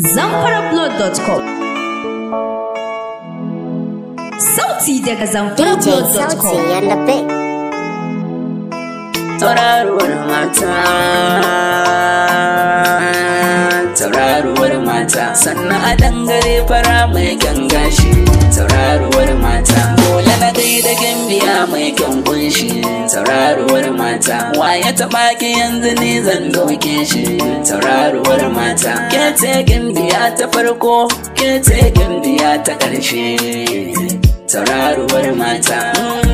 zamparablood.com Sauti daga zamparablood.com Sauraruwar wari mata sannan a dangare fara mai gangashi wari mata bola na dai da gambiya mai kyan kunshi wari mata ya taɓa ki yanzu ne zan gauke shi wari mata ke gambiya ta farko ke gambiya ta ƙarshe wari mata mm.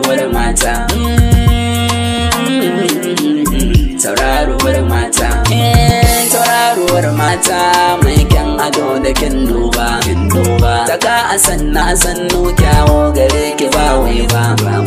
Sauraruwar mata. Sauraruwar mata. Sauraruwar mata mai kyan ado da kin duba. Taka a sanna sannu kyawo gare ki ba wai ba.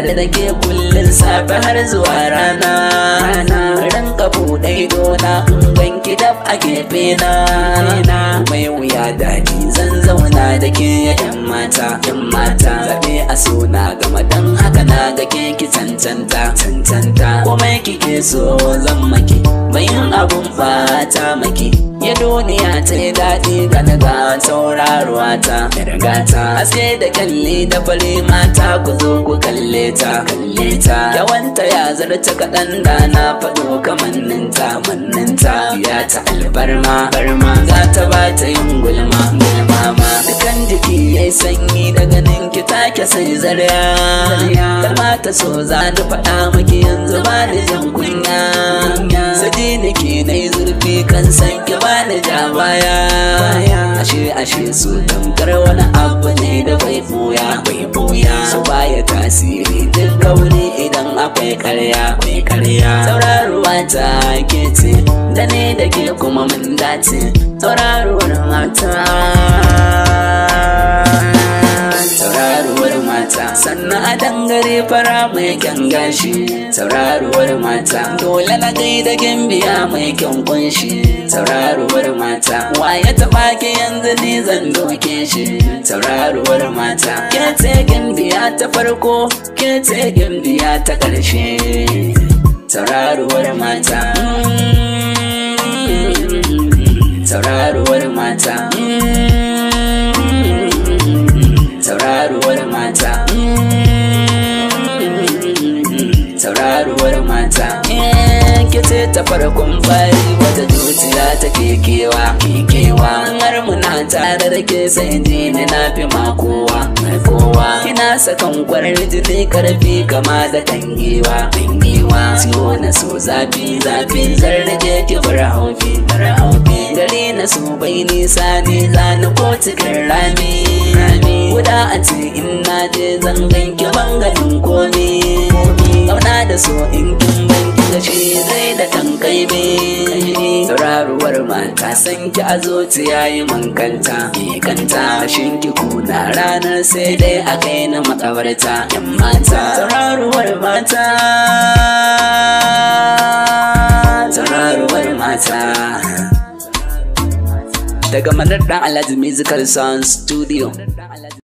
tare da ke kullum safe har zuwa rana ka buɗe gona ban ki daf a gefe na mai wuya daɗi zan zauna da ke yan mata yan mata zabe a suna gama dan haka na ga ke ki tantanta tantanta komai kike so zan maki bayan abun fata maki ya duniya ta yi daɗi ga daga sauraruwa ta da da kalli da fari mata ku zo kalle ta yawanta ya zarta kaɗan da na faɗo kamanninta manninta ya ta albarma za ta ba ta yin gulma gulma ma dukan jiki ya sanyi da ganin ki ke sai zarya ta so za ta faɗa maki yanzu ba da jan kunya saji na yi zurfi kan san ki ba da ja baya ashe ashe su tamkar wani abu ne da bai buya bai buya ba kai karya kai karya sauraruwa ta ke ce da ne da ke kuma mun dace sauraruwar mata sauraruwar mata sannan a dangare fara mai kyan gashi sauraruwar mata dole na kai da gimbiya mai kyan kunshi sauraruwar mata wa ya taba ki yanzu ne zan doke shi sauraruwar mata ke ce gimbiya ta farko ke ce gimbiya ta ƙarshe sauraruwar mata sauraruwar mata sauraruwar mata sauraruwar mata ke ce ta farkon bari wata duk ta kekewa kekewa har muna tare da ke sai ji ni na fi ma kowa kowa ina sakan kwarar jini karfi kama da dangewa dangewa ciwo na so zafi zafi zar da je ki bar haufi bar haufi dare na so bai nisa ne na ko cikin rami rami guda a ce in na je zan ganki bangalin komi kauna da so in kin da shi zai da tankai be kamar mata san ki a zo ta yayi man kanta me kanta shin ki kuna ranar sai dai a kai na makabarta yan mata tararuwar mata tararuwar mata daga manar dan alhaji musical sound studio